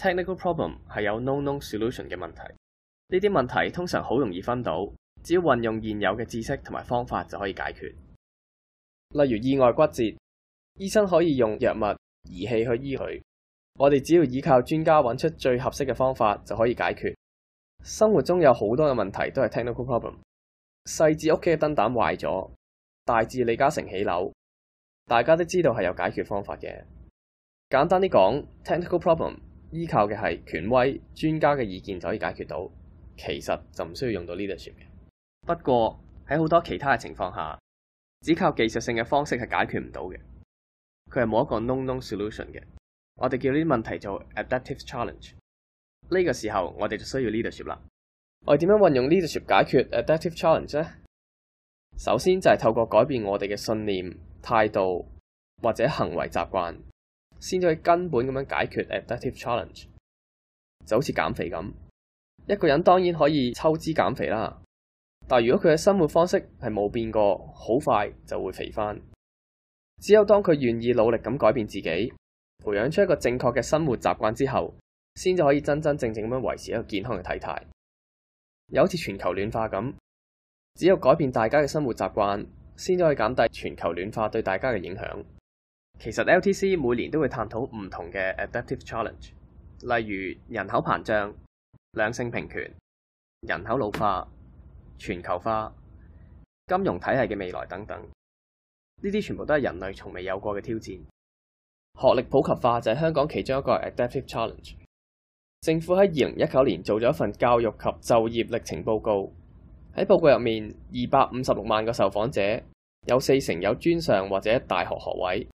Technical problem 係有 no known solution 嘅問題，呢啲問題通常好容易分到，只要運用現有嘅知識同埋方法就可以解決。例如意外骨折，醫生可以用藥物、儀器去醫佢，我哋只要依靠專家揾出最合適嘅方法就可以解決。生活中有好多嘅問題都係 technical problem，細至屋企嘅燈膽壞咗，大至李嘉誠起樓，大家都知道係有解決方法嘅。簡單啲講，technical problem。依靠嘅係權威專家嘅意見就可以解決到，其實就唔需要用到 leadership 嘅。不過喺好多其他嘅情況下，只靠技術性嘅方式係解決唔到嘅，佢係冇一個 no known solution 嘅。我哋叫呢啲問題做 adaptive challenge。呢、呢個時候我哋就需要 leadership 啦。我哋點樣運用 leadership 解決 adaptive challenge 咧？首先就係透過改變我哋嘅信念、態度或者行為習慣。先至可以根本咁樣解決 adaptive challenge，就好似減肥咁，一個人當然可以抽脂減肥啦，但如果佢嘅生活方式係冇變過，好快就會肥翻。只有當佢願意努力咁改變自己，培養出一個正確嘅生活習慣之後，先至可以真真正正咁樣維持一個健康嘅體態。又好似全球暖化咁，只有改變大家嘅生活習慣，先至可以減低全球暖化對大家嘅影響。其實 LTC 每年都會探討唔同嘅 Adaptive Challenge，例如人口膨脹、兩性平權、人口老化、全球化、金融體系嘅未來等等。呢啲全部都係人類從未有過嘅挑戰。學歷普及化就係香港其中一個 Adaptive Challenge。政府喺二零一九年做咗一份教育及就業歷程報告。喺報告入面，二百五十六萬個受訪者，有四成有專上或者大學學位。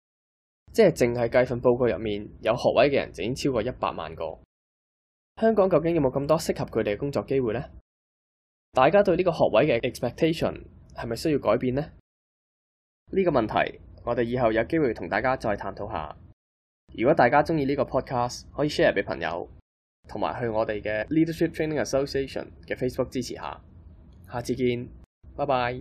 即係淨係計份報告入面有學位嘅人，就已經超過一百萬個。香港究竟有冇咁多適合佢哋嘅工作機會呢？大家對呢個學位嘅 expectation 係咪需要改變呢？呢個問題我哋以後有機會同大家再探討下。如果大家鍾意呢個 podcast，可以 share 俾朋友，同埋去我哋嘅 Leadership Training Association 嘅 Facebook 支持下。下次見，拜拜。